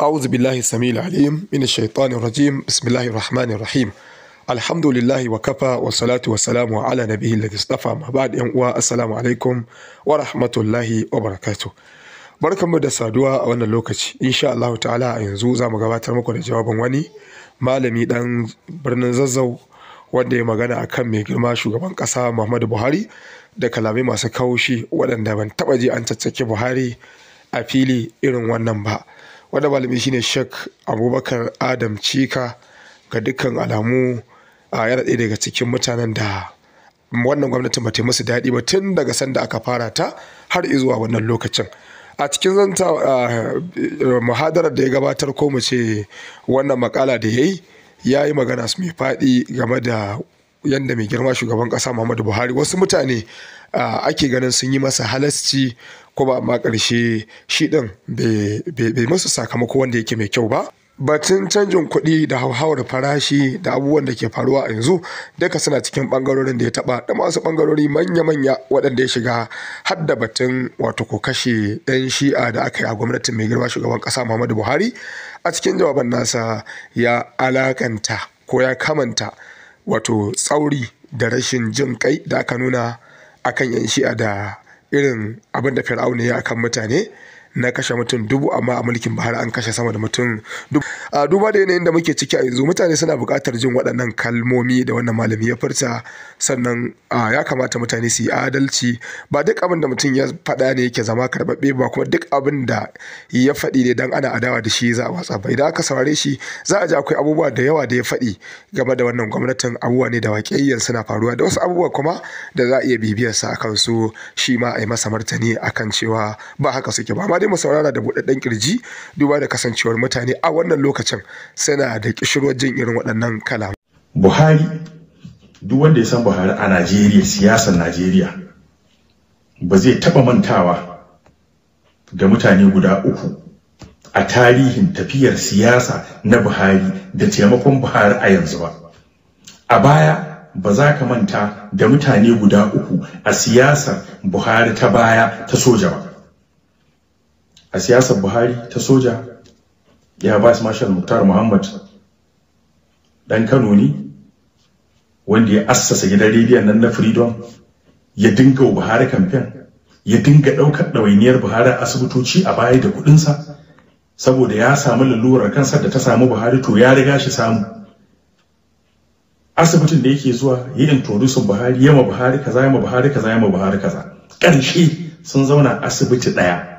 أعوذ بالله السميع العليم من الشيطان الرجيم بسم الله الرحمن الرحيم الحمد لله وكفى والصلاة والسلام على نبيه الذي اصطفى ما بعد السلام عليكم ورحمة الله وبركاته barkanmu da saduwa a wannan lokaci insha Allah ta'ala a yanzu za mu gabatar muku da jawabin wani malami dan birnin zazzau wanda ya magana akan mai girma shugaban kasa Muhammadu Buhari da kalamai masu kaushi waɗanda ban taɓa ji an caccake Buhari a fili irin wannan ba. wanda malami shine shek abubakar adam cika ga dukkan alamu a yana ɗaya daga cikin mutanen da wannan gwamnatin ba ta musu daɗi ba tun daga sanda aka fara ta har zuwa wannan lokacin a cikin zanta muhadarar da ya gabatar ko mu ce wannan makala da ya yi ya yi magana su mai faɗi game da yadda mai girma shugaban ƙasa muhammadu buhari wasu mutane ake ganin sun yi masa halasci ko ba amma ƙarshe shi ɗin bai masu sakamako wanda yake mai kyau ba batun canjin kuɗi da hauhawar farashi da abubuwan da ke faruwa a yanzu duka suna cikin ɓangarorin da ya taɓa da masu ɓangarori manya-manya waɗanda ya shiga har da batun wato ko kashe 'yan shi'a da aka yi a gwamnatin mai girma shugaban ƙasa muhammadu buhari a cikin jawaban nasa ya alakanta ko ya kamanta wato tsauri da rashin jin kai da aka nuna akan 'yan shi'a da irin abin da Fir'auna ya yi akan mutane na kashe mutum dubu amma a mulkin bahar an kashe sama da mutum dubu a duba da yanayin da muke ciki a yanzu mutane suna buƙatar jin waɗannan kalmomi da wannan malami ya furta sannan ya kamata mutane su yi adalci ba duk abin da mutum ya faɗa ne yake zama karɓaɓɓe ba kuma duk abin da ya faɗi ne dan ana adawa da shi za a watsa ba idan aka saurare shi za a ji akwai abubuwa da yawa da ya faɗi game da wannan gwamnatin abubuwa ne da waƙiyyan suna faruwa da wasu abubuwa kuma da za a iya bibiyarsa a su shi ma a yi masa martani a kan cewa ba haka suke ba dai mu saurara da buɗaɗɗen kirji duba da kasancewar mutane a wannan lokacin suna da ƙishirwar jin irin waɗannan kalamu. Buhari duk wanda ya san Buhari a Najeriya siyasar Najeriya ba zai taɓa mantawa da mutane guda uku a tarihin tafiyar siyasa na Buhari da taimakon Buhari a yanzu ba. A baya ba za ka manta da mutane guda uku a siyasar Buhari ta baya ta soja ba. a siyasar buhari ta soja ya ba su marshal muktar muhammad dan kano ne wanda ya assasa gidan rediyon nan na freedom ya dinga buhari kamfen ya dinga ɗaukar ɗawainiyar buhari asibitoci a baya da kuɗinsa saboda ya samu lalurar kansa da ta samu buhari to ya riga shi samu asibitin da yake zuwa ya introduce buhari yama buhari kaza yama buhari kaza yama buhari kaza Karshe sun zauna asibiti ɗaya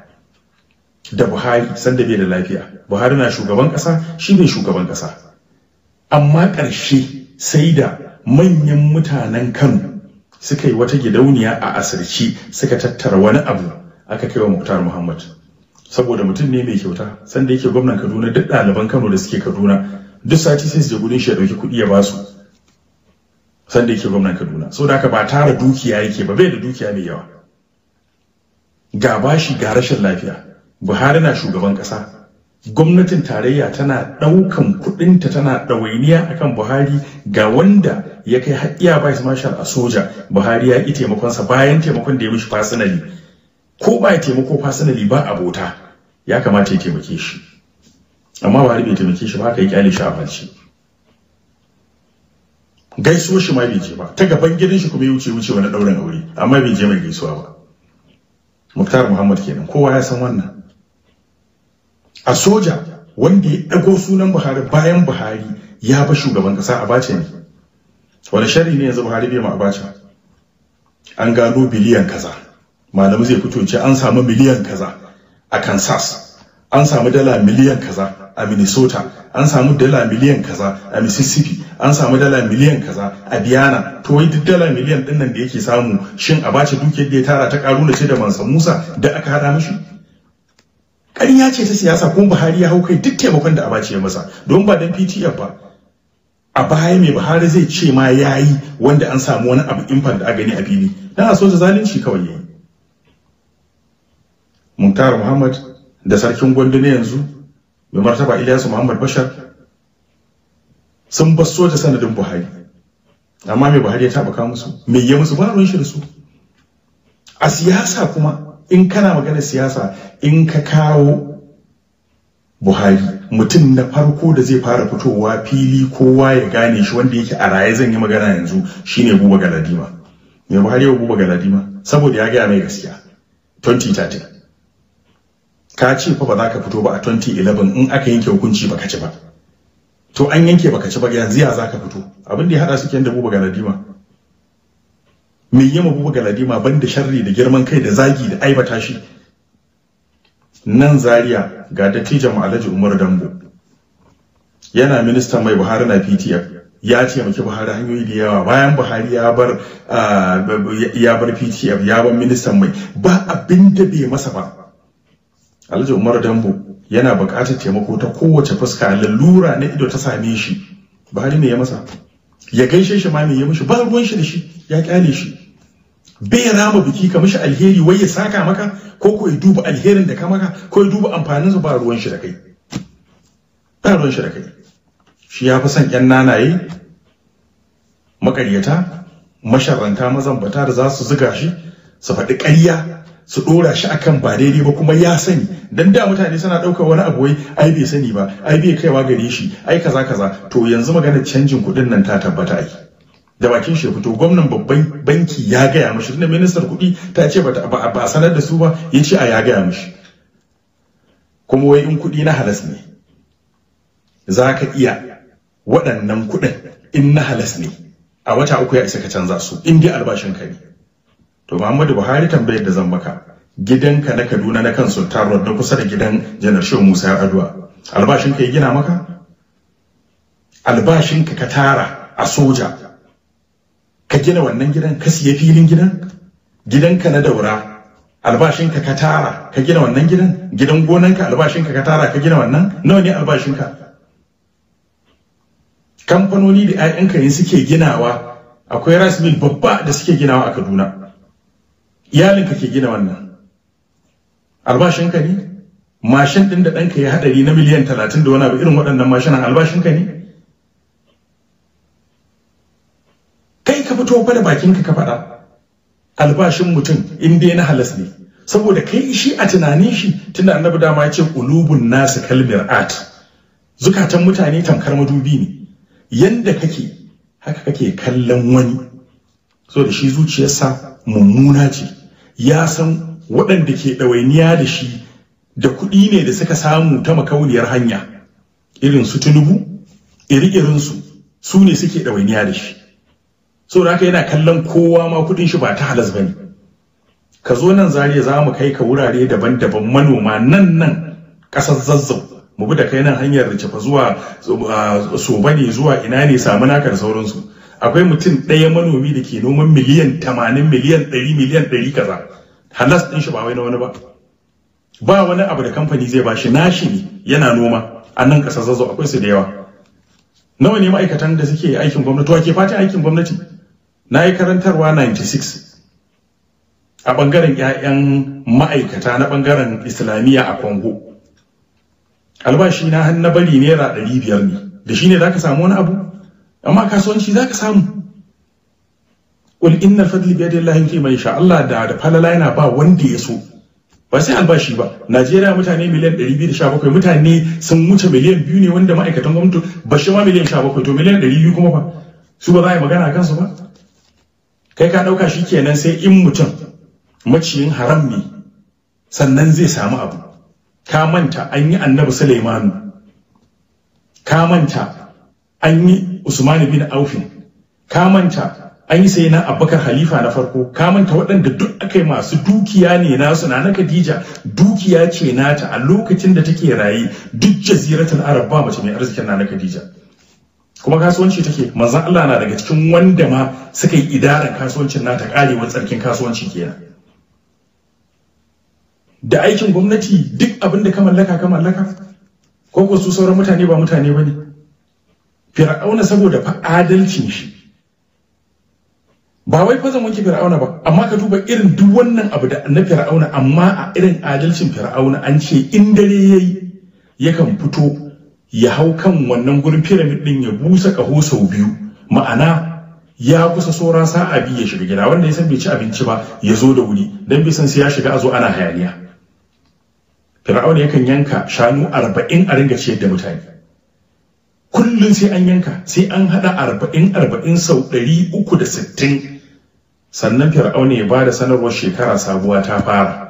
da Buhari sanda bai da lafiya Buhari na shugaban ƙasa shi ne shugaban ƙasa amma ƙarshe sai da manyan mutanen Kano suka yi wata gidauniya a asirci suka tattara wani abu aka kai wa Muktar Muhammad saboda mutum ne mai kyauta sanda yake gwamnan Kaduna duk ɗaliban Kano da suke Kaduna duk sati sai su je gudun shi ya ɗauki kuɗi ya ba su, sanda yake gwamnan Kaduna da aka ba tara dukiya yake ba bai da dukiya mai yawa ga bashi ga rashin lafiya buhari na shugaban ƙasa gwamnatin tarayya tana ɗaukan kuɗinta tana ɗawainiya akan buhari ga wanda ya kai haƙƙiya vice marshal a soja buhari ya ƙi taimakonsa bayan taimakon da ya mishi fasinali ko ba ya taimako fasinali ba abota ya kamata ya taimake shi amma buhari bai taimake shi ba haka ya ƙyale shi a bance Gaisuwar shi ma bai je ba ta gaban gidan shi kuma ya wuce wuce wani ɗaurin aure amma bai je mai gaisuwa ba muktar muhammad kenan kowa ya san wannan a soja wanda ya ɗago sunan buhari bayan buhari ya ba shugaban ƙasa abacha ne wani shari ne yanzu buhari bai ma abacha an gano biliyan kaza malamu zai fito ce an samu miliyan kaza a kansas an samu dala miliyan kaza a minnesota an samu dala miliyan kaza a mississippi an samu dala miliyan kaza a diana to wai duk dala miliyan dinnan da yake samu shin abacha dukiyar da ya tara ta da ce da mansa musa da aka haɗa mashi? ƙarya ce ta siyasa kuma buhari ya hau kai duk taimakon da abace ya masa don ba dan ptf ba a baya mai buhari zai ce ma ya yi wanda an samu wani abu infan da a gani a fili dan a soja zalunci kawai yayi muktar muhammad da sarkin gwandu na yanzu mai martaba ilyasu muhammad bashar sun bar soja sanadin buhari amma mai buhari ya taɓa musu mai ya musu ba ruwan shi su a siyasa kuma in kana magana siyasa in ka kawo buhari mutum na farko da zai fara fitowa fili kowa ya gane shi wanda yake a raye zan yi magana yanzu shine buba galadima Ya buhari yau buba galadima saboda ya gaya mai gaskiya 2013 ka ce fa ba za ka fito ba a 2011 in aka yanke hukunci baka ci ba to an yanke baka ci ba yanzu ya za ka fito abin da ya hada su kenan da buba galadima me yi ma bubu galadima ban da sharri da girman kai da zagi da aibata shi nan zariya ga dattijan mu alhaji umar dambo yana ministan mai buhari na ptf ya ce muke buhari hanyoyi da yawa bayan buhari ya bar ah, ya bar ptf ya bar ministan mai ba abin da bai masa ba alhaji umar dambo yana buƙatar taimako ta kowace fuska lalura na ido ta same shi buhari ne ya masa ya gaishe shi ma me ya mishi ba ruwan shi da shi ya kyale shi bayyana ma biki ka mishi alheri wai ya saka maka ko ko ya duba alherin da ka maka ko ya duba amfanin su ba ruwan shi da kai ba ruwan shi da kai shi ya fi son yan nanaye makaryata masharanta mazambata da za su zuga shi su faɗi ƙarya su ɗora shi akan ba daidai ba kuma ya sani dan da mutane suna ɗaukar wani abu wai ai bai sani ba ai bai kaiwa gare shi ai kaza kaza to yanzu maganar canjin kuɗin nan ta tabbata ai da bakin shi fito gwamnan babban banki ya gaya mashi tunda ministar kuɗi ta ce ba sanar da su ba ya ce a ya gaya mashi kuma wai in kuɗi na halas ne za ka iya waɗannan kuɗin in na halas ne a wata uku ya isa ka canza su in dai albashin ka ne to Muhammadu Buhari tambayar da zan maka gidanka na Kaduna na kan Sultan Road na kusa da gidan Janar Shehu Musa yar'adua albashin ka ya gina maka albashin ka ka tara a soja ka gina wannan gidan ka siya filin gidan gidanka na daura albashinka ka tara ka gina wannan gidan gidan gonanka albashinka ka tara ka gina wannan nawa ne albashinka kamfanoni da 'ya'yanka yin suke ginawa akwai rice mill babba da suke ginawa a kaduna iyalinka ke gina wannan albashinka ne mashin ɗin da ɗanka ya haɗari na miliyan talatin da wani abu irin waɗannan mashinan albashinka ne kai ka fito fa da bakinka ka faɗa albashin mutum in dai na halas ne saboda kai shi a tunanin shi tunda annabi dama ya ce qulubun nasu kalmir at zukatan mutane tamkar madubi ne yanda kake haka kake kallon wani so da shi zuciyarsa mummuna ce ya san waɗanda ke ɗawainiya da shi da kuɗi ne da suka samu ta makauliyar hanya irin su tunubu iri-irinsu su ne suke ɗawainiya da shi so da yana kallon kowa ma kudin shi ba ta halas bane ka zo nan zariya za mu kai ka wurare daban-daban manoma nan nan ƙasar zazzau mu bi da kai nan hanyar ricefa zuwa bane zuwa ina ne samu naka da sauransu akwai mutum ɗaya manomi da ke noman miliyan tamanin miliyan 100 miliyan 100 kaza halas ɗin shi ba wai na wani ba ba wani abu da kamfani zai bashi nashi ne yana noma a nan ƙasar zazzau akwai su da yawa nawa ne ma'aikatan da suke aikin gwamnati wa ke fatan aikin gwamnati na yi karantarwa 96 a ɓangaren 'ya'yan ma'aikata na ɓangaren islamiyya a congo albashi na hannu bari naira 500 ne da shi ne za ka samu wani abu amma kasuwanci za ka samu ƙul inna fadli biyar da lahinke mai sha Allah da da falala yana ba wanda ya so ba sai albashi ba Najeriya mutane miliyan 217 mutane sun wuce miliyan biyu ne wanda ma'aikatan gwamnati ba shi ma miliyan 17 to miliyan 200 kuma fa su ba za a yi magana kansu ba kai ka ɗauka shi kenan sai in mutum maciyin haram ne sannan zai samu abu ka manta an yi annabi Suleimanu ka manta an yi Usman bin Aufin ka manta an yi sai na Abubakar Halifa na farko ka manta waɗanda duk aka yi masu dukiya ne nasu na na Khadija dukiya ce nata a lokacin da take raye duk jaziratul Arab ba mace mai arzikin na na Khadija kuma kasuwanci take manzan Allah na daga cikin wanda ma suka yi idaran kasuwancin nata karewar tsarkin kasuwanci kenan da aikin gwamnati duk abin da ka mallaka ka mallaka ko ko su sauran mutane ba mutane bane fir'auna saboda fa adalcin shi ba wai fa zan fir'auna ba amma ka duba irin duk wannan abu da na fir'auna amma a irin adalcin fir'auna an ce in dare yayi yakan fito ya hau kan wannan gurin pyramid din ya busa kaho sau biyu ma'ana ya kusa sauran sa'a biyu ya shiga gida wanda ya san bai ci abinci ba ya zo da wuri dan bai san sai ya shiga a zo ana hayaniya fir'aun yakan yanka shanu arba'in a ringa ciyar da mutane kullum sai an yanka sai an hada arba'in arba'in sau ɗari uku da sittin sannan Fir'auna ya ba da sanarwar shekara sabuwa ta fara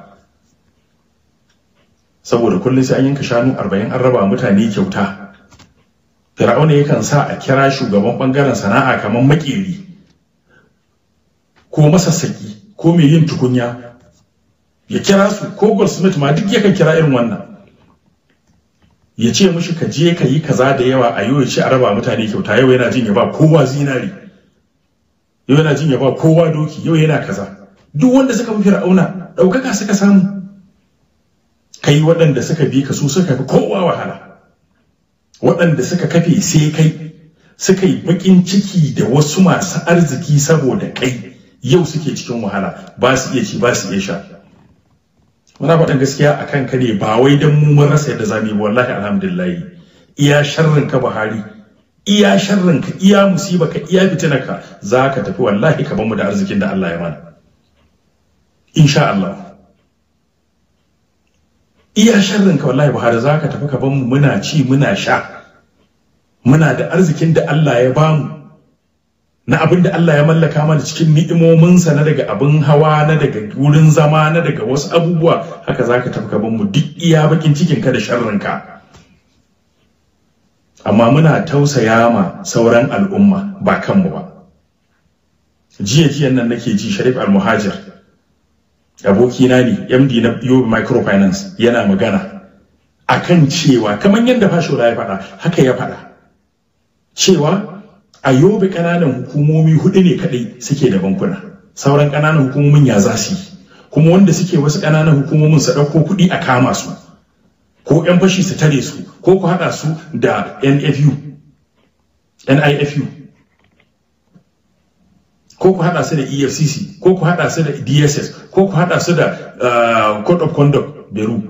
saboda kullum sai an yanka shanu arba'in an raba mutane kyauta fir'auna yakan sa a kira shugaban bangaren sana'a kamar maƙeri ko masassaki ko mai yin tukunya ya kira su ko goldsmith ma duk yakan kira irin wannan ya ce mushi ka je ka yi kaza da yawa a yau ya ce a raba mutane kyauta yau yana jin ya kowa zinari yau yana jin ya kowa doki yau yana kaza duk wanda suka fi fir'auna ɗaukaka suka samu kai waɗanda suka bi ka su suka fi kowa wahala waɗanda suka kafe sai kai suka yi baƙin ciki da wasu masu arziki saboda kai yau suke cikin wahala ba su iya ci ba su iya sha muna faɗin gaskiya a kan ne ba wai don mu mun rasa yadda zamu yi wallahi alhamdulillahi iya sharrin ka Buhari iya sharrin ka iya musiba ka iya fitina ka zaka tafi wallahi ka mu da arzikin da Allah ya mana insha Allah iya sharrin ka wallahi Buhari zaka tafi ka ban mu muna ci muna sha muna da arzikin da Allah ya bamu na abin da Allah ya mallaka mana cikin ni'imominsa na daga abin hawa na daga wurin zama na daga wasu abubuwa haka zaka tafi ban mu duk iya bakin cikin ka da sharrin ka amma muna tausaya ma sauran al'umma ba kanmu ba jiya jiyan nan nake ji Sharif al-Muhajir abokina ne md na yobe microfinance yana magana A kan cewa kamar yadda fashola ya faɗa haka ya faɗa cewa a yobe ƙananan hukumomi hudu ne kaɗai suke da bankuna sauran ƙananan hukumomin ya za su yi kuma wanda suke wasu ƙananan hukumomin su ɗauko kuɗi a kama su ko 'yan fashi su tare su ko ku haɗa su da NIFU ko ku haɗa su da efcc ko ku haɗa su da dss ko ku haɗa su da eh, code of conduct beru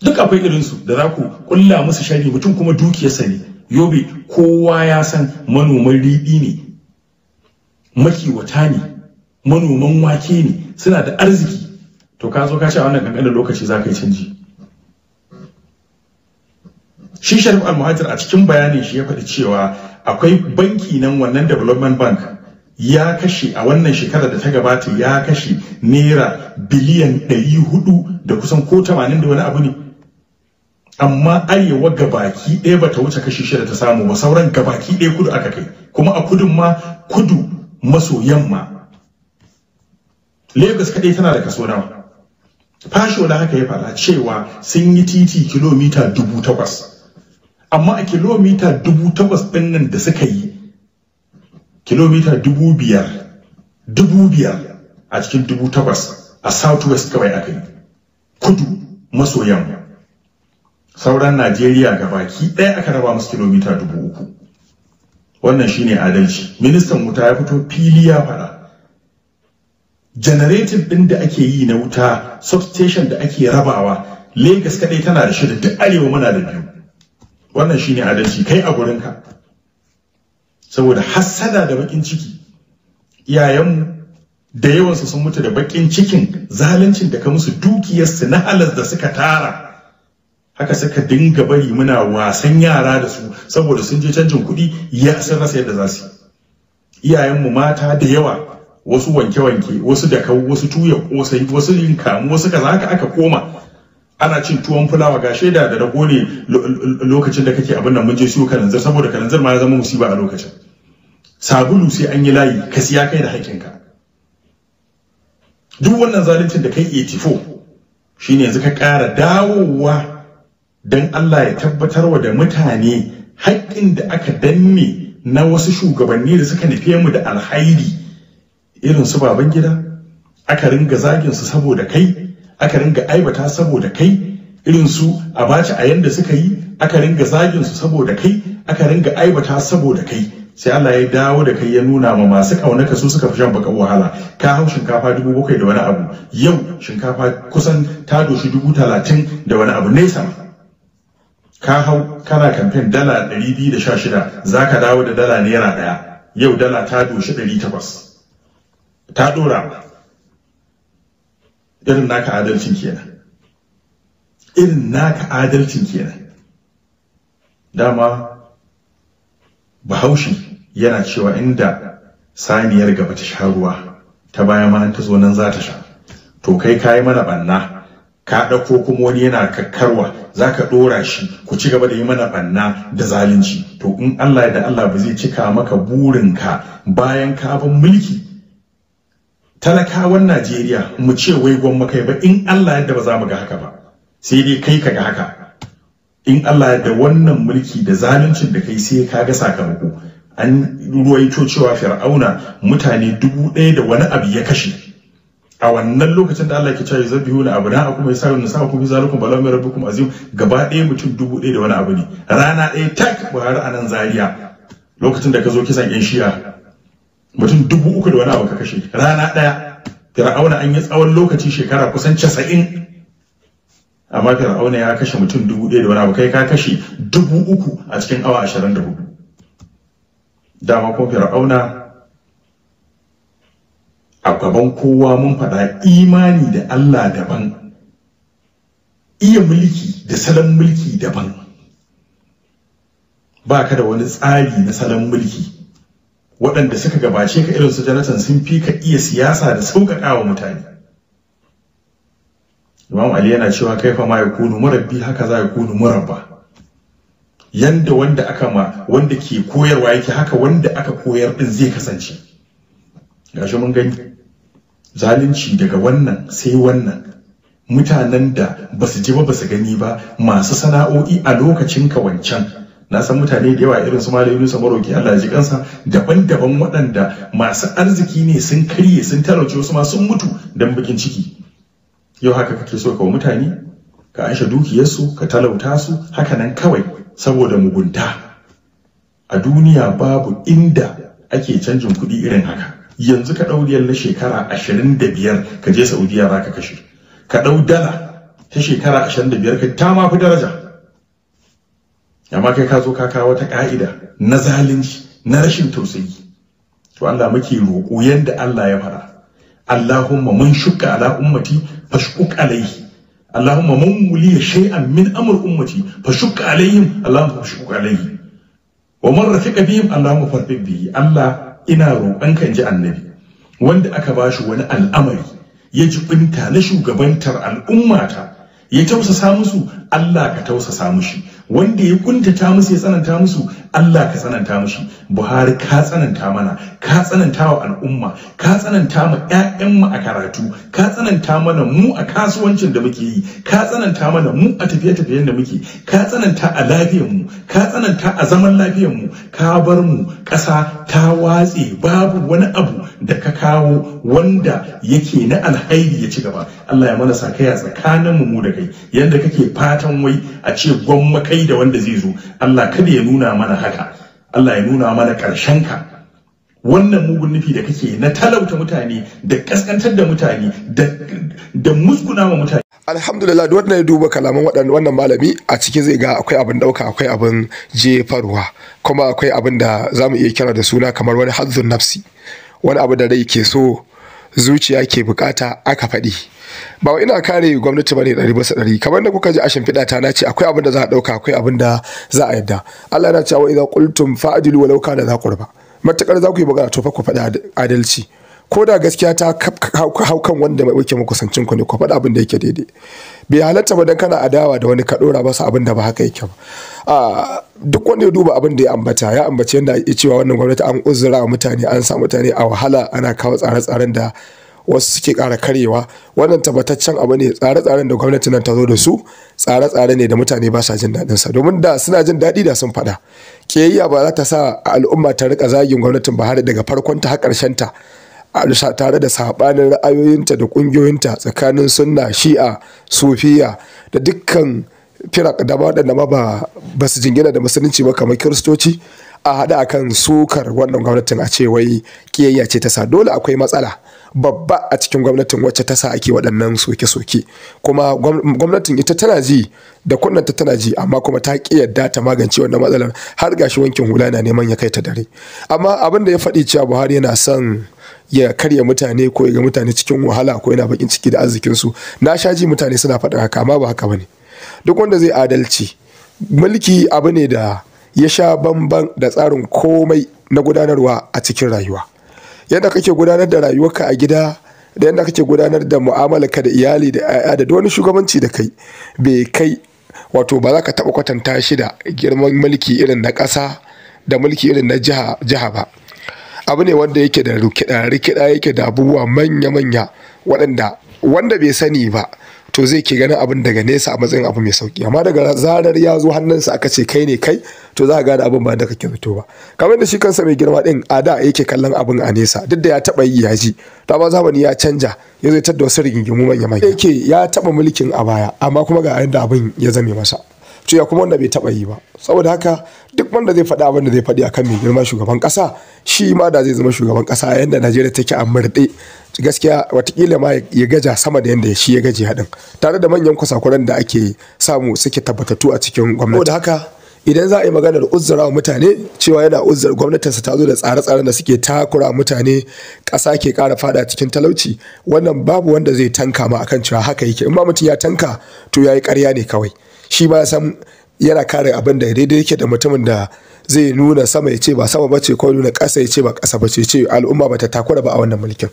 duk akwai su da za ku kulla musu shari mutum kuma dukiyarsa ne yobe kowa ya san manoman riɗi ne makiwata ne manoman wake ne suna da arziki to ka zo ka ce a wannan kankanin lokaci za ka yi canji shi sharif al-muhajir a cikin bayanin shi ya faɗi cewa akwai banki nan wannan development bank ya kashe a wannan shekarar da ta gabata ya kashe naira biliyan 400 da kusan ko 80 da wani abu ne amma arewa gabaki ɗaya bata wuce kashi shida ta samu ba sauran gabaki ɗaya kudu aka kai kuma a kudun ma kudu maso yamma lagos kaɗai tana da kaso nawa fasho da haka ya fara cewa sun yi titi kilomita dubu takwas amma a kilomita dubu takwas ɗin nan da suka yi kilomita dubu biyar dubu biyar a cikin dubu takwas a south west kawai aka yi kudu maso yamma sauran najeriya ga baki ɗaya aka raba musu kilomita dubu uku wannan shine adalci ministan wuta ya fito fili ya faɗa generating ɗin da ake yi na wuta substation da ake rabawa Lagos kadai tana da shida duk arewa muna da biyu wannan shine adalci kai a gurinka saboda hassada da bakin ciki iyayenmu da yawansu sun mutu da bakin cikin zaluncin da ka musu dukiyarsu na halas da suka tara haka suka dinga bari muna wasan yara da su saboda sun je canjin kuɗi ya sun rasa yadda za su iyayenmu mata da yawa wasu wanke-wanke wasu da kau wasu tuya kosai wasu yin kamu wasu kaza haka aka koma ana cin tuwon fulawa ga shaida da rago ne lokacin da kake abin nan mun je siyo kananzir saboda kananzir ma ya zama musiba a lokacin sabulu sai an yi layi ka siya kai da haƙƙinka duk wannan zaluncin da kai 84 shine yanzu ka ƙara dawowa don Allah ya tabbatar wa da mutane haƙƙin da aka danne na wasu shugabanni da suka nufe mu da alhairi irin su baban gida aka ringa zagin su saboda kai aka ringa aibata saboda kai irin su abaci a yanda suka yi aka ringa zagin su saboda kai aka ringa aibata saboda kai sai Allah ya dawo da kai ya nuna ma masu ka su suka fi shan baka wahala ka hau shinkafa dubu bakwai da wani abu yau shinkafa kusan ta doshi dubu talatin da wani abu nesa ka hau kana kamfen dala ɗari biyu da sha shida za ka dawo da dala naira ɗaya yau dala ta doshi ɗari takwas ta ɗora irin naka adalcin kenan irin naka adalcin kenan dama bahaushe yana cewa inda saniyar gaba ta sha ruwa ta baya ma ta zo nan za ta sha to kai kayi mana banna ka ɗauko kuma wani yana kakkarwa za ka ɗora shi ku ci gaba da yi mana banna da zalunci to in Allah da Allah ba zai cika maka burinka bayan ka abin mulki talakawan Najeriya mu ce wai gwamma ba in Allah yadda ba za mu ga haka ba sai dai kai ka ga haka in Allah da wannan mulki da zaluncin da kai sai ka ga sakamako an ruwaito cewa fir'auna mutane dubu ɗaya da wani abu ya kashe a wannan lokacin da Allah ke cewa zabi hula abu na kuma ya sarrafa sa kuma zalukum balaw min rabbikum azim gaba ɗaya mutum dubu ɗaya da wani abu ne rana ɗaya tak Buhari a nan Zaria lokacin da ka zo kisan yan shiya mutum dubu uku da wani abu ka kashe rana ɗaya fir'auna an yi tsawon lokaci shekara kusan casa'in amma fir'auna ya kashe mutum dubu ɗaya da wani abu kai ka kashe dubu uku a cikin awa ashirin da hudu dama ko fir'auna a gaban kowa mun faɗa imani da Allah daban iya mulki da salon mulki daban ba ka da wani tsari na salon mulki waɗanda suka gabace ka irin su Jonathan sun fi ka iya siyasa da sauƙaƙa wa mutane Imam Ali yana cewa fa ma kunu murabbi haka za ya kunu murabba yanda wanda aka ma wanda ke koyarwa yake haka wanda aka koyar din zai kasance gashi mun gani zalunci daga wannan sai wannan mutanen da ba su ji ba ba su gani ba masu sana'o'i a lokacin ka wancan na san mutane da yawa irin su malam Yunus Maroki Allah ji kansa daban-daban waɗanda masu arziki ne sun karye sun talauce su ma sun mutu dan bikin ciki yau haka kake so ka wa mutane ka aisha dukiyarsu ka talauta su haka nan kawai saboda mugunta a duniya babu inda ake canjin kuɗi irin haka yanzu ka ɗau diyar na shekara ashirin da biyar ka je saudiya za ka kashe ka ɗau dala ta shekara ashirin da biyar ka ta mafi daraja amma kai ka zo ka kawo wata ƙa'ida na zalunci na rashin tausayi to Allah muke roƙo yadda Allah ya fara. Allahumma mun shukka ala ummati fashkuk alaihi Allahumma man wuliya shay'an min amr ummati fa shukka alaihim Allahumma fa shukka alaihi wa man rafiqa bihim Allahumma farfiq Allah ina roƙon kan ji annabi wanda aka bashi wani al'amari ya jibinta na shugabantar al'ummata ya tausasa musu Allah ka tausasa mushi wanda ya kuntata musu ya tsananta musu Allah ka tsananta mushi Buhari ka tsananta mana ka tsananta wa al'umma ka tsananta ma mu a karatu ka tsananta mana mu a kasuwancin da muke yi ka tsananta mana mu a tafiye-tafiyen da muke ka tsananta a lafiyar mu ka tsananta a zaman lafiyar mu ka bar mu ƙasa ta watse babu wani abu da ka kawo wanda yake na alhairi ya ci gaba Allah ya mana sakaya tsakanin mu da kai yanda kake fatan wai a ce gwamma kai da wanda zai zo Allah kada ya nuna mana haka Allah ya nuna mana karshen ka wannan mugun nufi da kake na talauta mutane da kaskantar da mutane da muskuna wa mutane alhamdulillah duk wanda ya duba kalaman wannan malami a ciki zai ga akwai abin dauka akwai abin jefarwa kuma akwai abin da za iya kira da suna kamar wani hazzun nafsi wani abu da rai ke so zuciya ke bukata aka faɗi ba wa ina kare gwamnati bane ɗari bisa ɗari kamar da kuka ji a shimfiɗa ta na ce akwai abin da za a ɗauka akwai abin da za a yadda Allah yana cewa idan qultum fa'dilu walau da za matakar za ku yi magana to fa ku faɗi adalci ko da gaskiya ta hau kan wanda mai wuce makusancin ku ne ku faɗa abin da yake daidai bai halatta ba dan kana adawa da wani ka dora masa abin da ba haka yake ba a duk wanda ya duba abin da ya ambata ya ambaci yadda ya cewa wannan gwamnati an uzura wa mutane an sa mutane a wahala ana kawo tsare-tsaren da wasu suke ƙara karewa wannan tabbataccen abu ne tsare-tsaren da gwamnati nan ta zo da su tsare-tsare ne da mutane ba sa jin daɗin sa domin da suna jin daɗi da sun faɗa ƙiyayya ba za ta sa al'umma ta rika zagin gwamnatin ba har daga farkon ta har ƙarshen ta tare da saɓanin ra'ayoyinta da ƙungiyoyinta tsakanin sunna shi'a sufiya da dukkan firak da waɗanda ma ba su jingina da musulunci ba kamar kiristoci a haɗa kan sukar wannan gwamnatin a ce wai kiyayya ce ta sa dole akwai matsala babba a cikin gwamnatin wacce ta sa ake waɗannan soke-soke kuma gwamnatin ita tana ji da kunnanta tana ji amma kuma ta ƙi yadda ta magance wannan matsalar har gashi wankin hula na neman ya kai ta dare amma abin da ya faɗi cewa buhari yana son ya karya mutane ko ya ga mutane cikin wahala ko yana bakin ciki da arzikin su na sha ji mutane suna faɗa haka amma ba haka bane duk wanda zai adalci mulki abu ne da ya sha bamban da tsarin komai na gudanarwa a cikin rayuwa yadda kake gudanar da rayuwarka a gida da yadda kake gudanar da mu'amalarka da iyali da 'ya'ya da wani shugabanci da kai bai kai wato ba za ka taɓa kwatanta shi da girman mulki irin na ƙasa da mulki irin na jiha ba abu ne wanda yake da rikida rikida yake da abubuwa manya-manya waɗanda wanda bai sani ba to zai ke ganin abin daga nesa a matsayin abu mai sauki amma daga zarar ya zo hannunsa aka ce kai ne kai to za a gane abin ba da kake fito ba kamar da shi kansa mai girma din a da yake kallon abin a nesa duk da ya taba yi ya ji to amma zamani ya canja ya zai da wasu rigingimu manya manya yake ya taba mulkin a baya amma kuma ga da abin ya zame masa cewa kuma wanda bai taba yi ba saboda haka duk wanda zai faɗa abin zai faɗi akan mai girma shugaban kasa shi ma da zai zama shugaban kasa yanda najeriya take a murɗe gaskiya watakila ma ya gaja sama da yanda shi ya gaji haɗin tare da manyan kwasakuran da ake samu suke tabbatattu a cikin gwamnati saboda haka idan za a yi maganar uzzura mutane cewa yana gwamnatin gwamnatinsa ta zo da tsare tsare da suke takura mutane kasa ke kara fada cikin talauci wannan babu wanda zai tanka ma akan cewa haka yake in ma mutum ya tanka to yayi yi ƙarya ne kawai shi ba san yana kare abin da daidai yake da mutumin da zai nuna sama ya ce ba sama bace ko nuna ƙasa ya ce ba ƙasa bace ce al'umma bata takura ba a wannan mulkin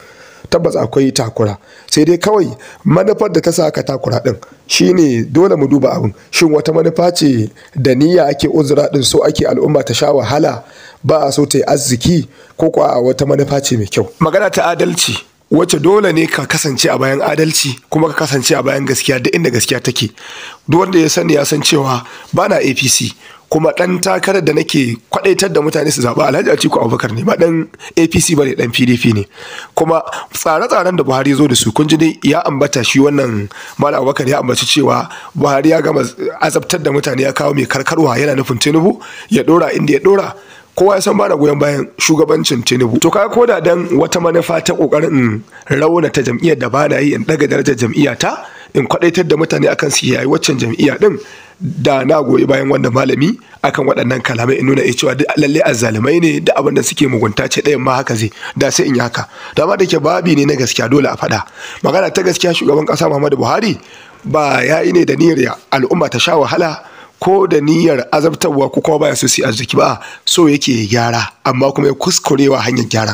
tabbas akwai takura sai dai kawai manufar da ta sa aka takura din shine dole mu duba abin shin wata manufa ce da niyya ake uzura din so ake al'umma ta sha wahala ba a so ta yi arziki ko kuwa wata manufa ce mai kyau magana ta adalci wacce dole ne ka kasance a bayan adalci kuma ka kasance a bayan gaskiya da inda gaskiya take duk wanda ya sani ya san cewa ba na apc kuma dan takarar da nake kwadaitar da mutane su zaba alhaji atiku abubakar ne ba dan apc ba ne dan pdp ne kuma tsare-tsaren da buhari zo da su kun ji dai ya ambata shi wannan malam abubakar ya ambaci cewa buhari ya gama azabtar da mutane ya kawo mai karkarwa yana nufin tinubu ya dora inda ya dora kowa ya san ba da goyon bayan shugabancin tinubu to kai ko da dan wata manufa ta kokarin in ta jam'iyyar da ba da yi in daga darajar jam'iyya ta in kwadaitar da mutane akan su yayi waccan jam'iyya din da na goyi bayan wanda malami akan waɗannan kalamai in nuna cewa duk lalle azzalumai ne da abin da suke mugunta ce ɗayan ma haka zai da sai in yi haka da ma da ke babi ne na gaskiya dole a faɗa magana ta gaskiya shugaban ƙasa Muhammadu Buhari ba yayi ne da niyyar al'umma ta sha wahala ko da niyyar azabtarwa ko kuma baya so su arziki ba so yake gyara amma kuma ya kuskurewa hanyar gyaran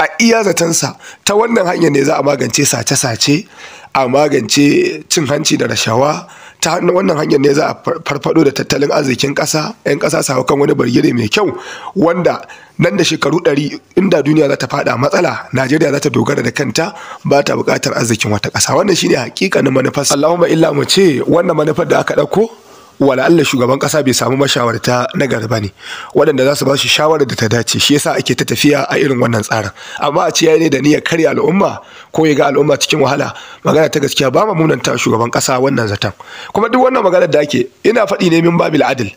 a iya zatansa ta wannan hanyar ne za a magance sace-sace a magance cin hanci da rashawa ta wannan hanyar ne za a farfado da tattalin arzikin ƙasa 'yan ƙasa su kan wani bargire mai kyau wanda nan da shekaru ɗari inda duniya za ta fada matsala najeriya za ta dogara da kanta ba ta buƙatar arzikin wata ƙasa wannan shine hakikanin manufar allahumma illa mu ce wannan manufar da aka ɗauko wala'alla shugaban kasa bai samu mashawarta na gari ba ne waɗanda za su ba shi shawarar da ta dace shi yasa ake ta tafiya a irin wannan tsarin amma a ce yayi ne da niyyar karya al'umma ko ya ga al'umma cikin wahala magana ta gaskiya ba mu munanta shugaban kasa wannan zaton kuma duk wannan maganar da ake ina faɗi ne min babil adil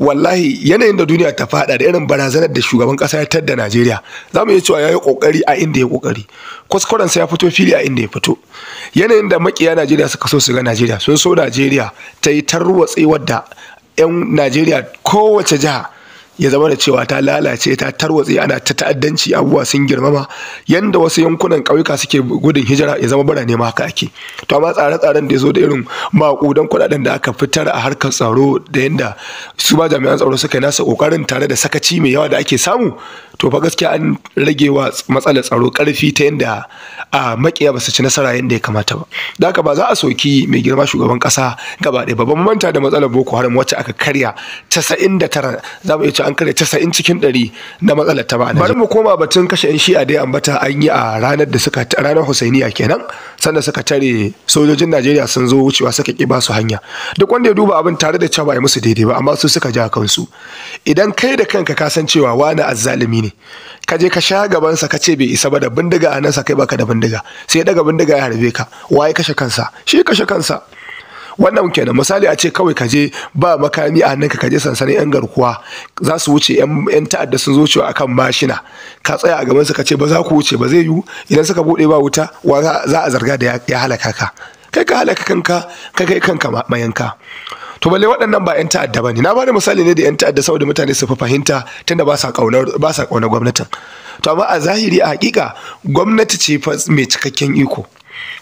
wallahi yanayin da duniya ta fada da irin barazanar da shugaban kasa ya tadda Najeriya za mu iya cewa ya yi kokari a inda ya kokari kuskurensa ya fito fili a inda ya fito yanayin da makiya Najeriya suka so su ga Najeriya sun so Najeriya ta yi tarwatsewa wadda 'yan najeriya kowace jiha ya zama da cewa ta lalace ta tarwatse ana ta ta'addanci abubuwa sun girmama yanda wasu yankunan ƙauyuka suke gudun hijira ya zama birane ma haka ake to amma tsare-tsaren da ya zo da irin maƙudan kuɗaɗen da aka fitar a harkar tsaro da yanda su ba jami'an tsaro suka yi nasa ƙoƙarin tare da sakaci mai yawa da ake samu to fa gaskiya an rage wa matsalar tsaro ƙarfi ta yanda a maƙiya ba su ci nasara yanda ya kamata ba da haka ba za a soki mai girma shugaban ƙasa gaba ɗaya ba ban manta da matsalar boko haram wacce aka karya 99 za mu iya an kare casa'in cikin ɗari na matsalar ta ba bari mu koma batun kashe yan shi'a dai ambata an yi a ranar da suka ranar husainiya kenan sanda suka tare sojojin najeriya sun zo wucewa suka ki ba su hanya duk wanda ya duba abin tare da cewa ya musu daidai ba amma su suka ja kansu idan kai da kanka ka san cewa wani azzalumi ne ka je ka sha gabansa ka ce bai isa ba da bindiga a nan sa kai baka da bindiga sai daga bindiga ya harbe ka waye kashe kansa shi kashe kansa wannan kenan misali a ce kawai ka je ba makami a hannunka ka je sansanin yan garkuwa za su wuce yan ta'adda sun zo cewa akan mashina ka tsaya a gaban su ka ce ba za ku wuce ba zai yiwu idan suka bude ba wuta wa za a zarga da ya halaka ka kai ka halaka kanka kai kai kanka mayanka to balle waɗannan ba 'yan ta'adda ba na bada misali ne da 'yan ta'adda saboda mutane su fi fahimta tunda ba sa ƙaunar gwamnatin to amma a zahiri a hakika gwamnati ce mai cikakken iko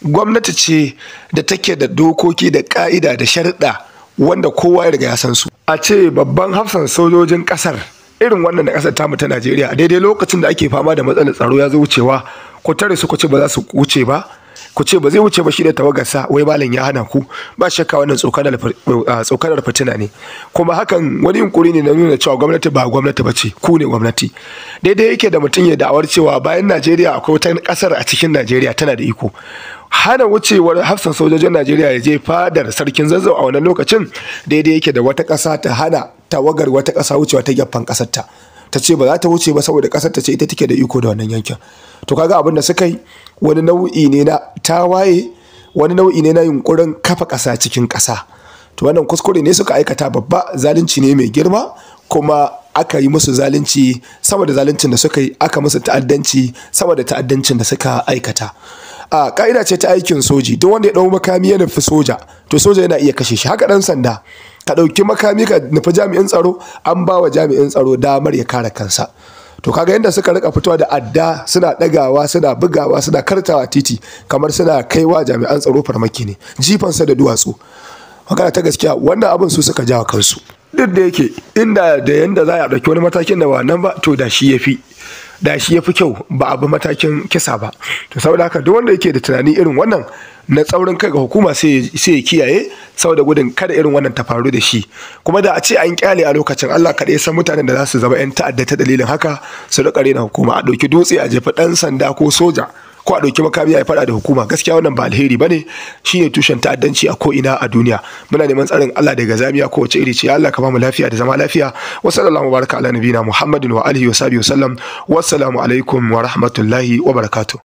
gwamnati ce da take da dokoki da ka'ida da sharuɗa wanda kowa ya riga ya san su a ce babban hafsan sojojin ƙasar irin wannan da ƙasar tamu ta najeriya a daidai lokacin da ake fama da matsalar tsaro ya zo wucewa ku tare su ku ce ba za su wuce ba ku ce ba zai wuce ba shi da tawagarsa wai malam ya hana ku ba shakka wannan tsokanar fitina ne kuma hakan wani yunkuri ne na nuna cewa gwamnati ba gwamnati ba ce ku ne gwamnati daidai yake da mutum ya da'awar cewa bayan najeriya akwai wata kasar a cikin najeriya tana da iko hana wucewar hafsan sojojin najeriya ya je fadar sarkin zazzau a wannan lokacin daidai yake da wata kasa ta hana tawagar wata ƙasa wucewa ta gefen kasar ta Ta ce ba za ta wuce ba saboda ƙasar ta ce ita take da iko da wannan yankin to kaga abin da suka yi wani nau'i ne na tawaye wani nau'i ne na yunkurin kafa ƙasa cikin ƙasa to wannan kuskure ne suka aikata babba zalunci ne mai girma kuma aka yi musu zalunci sama da zaluncin da suka yi aka musu ta'addanci sama ta'addancin da suka aikata a ka'ida ce ta aikin soji duk wanda ya ɗau makami ya nufi soja to soja yana iya kashe shi haka ɗan sanda ka ɗauki makami ka nufi jami'in tsaro an ba wa jami'in tsaro damar ya kare kansa to kaga yadda suka rika fitowa da adda suna dagawa suna bugawa suna kartawa titi kamar suna kaiwa jami'an tsaro farmaki ne jifansa da duwatsu magana ta gaskiya wannan abin su suka jawa kansu duk da yake inda da yanda za a ɗauki wani matakin da ba nan ba to da shi ya fi da shi ya fi kyau ba a matakin kisa ba to saboda haka duk wanda yake da tunani irin wannan na tsaurin kai ga hukuma sai ya kiyaye saboda gudun kada irin wannan ta faru da shi kuma da a ce an kyale a lokacin Allah kaɗai san mutanen da za su zama 'yan ta'adda ta dalilin haka su riƙa rena hukuma a ɗauki dutse a jefa ɗan sanda ko soja ko a ɗauki makami ya faɗa da hukuma gaskiya wannan ba alheri ba ne shi ne tushen ta'addanci a ko ina a duniya muna neman tsarin Allah daga zamiya ko wace iri ce Allah ka ba lafiya da zama lafiya wa sallallahu baraka ala nabina Muhammadin wa alihi wa sahbihi wa sallam wassalamu wa rahmatullahi wa barakatuh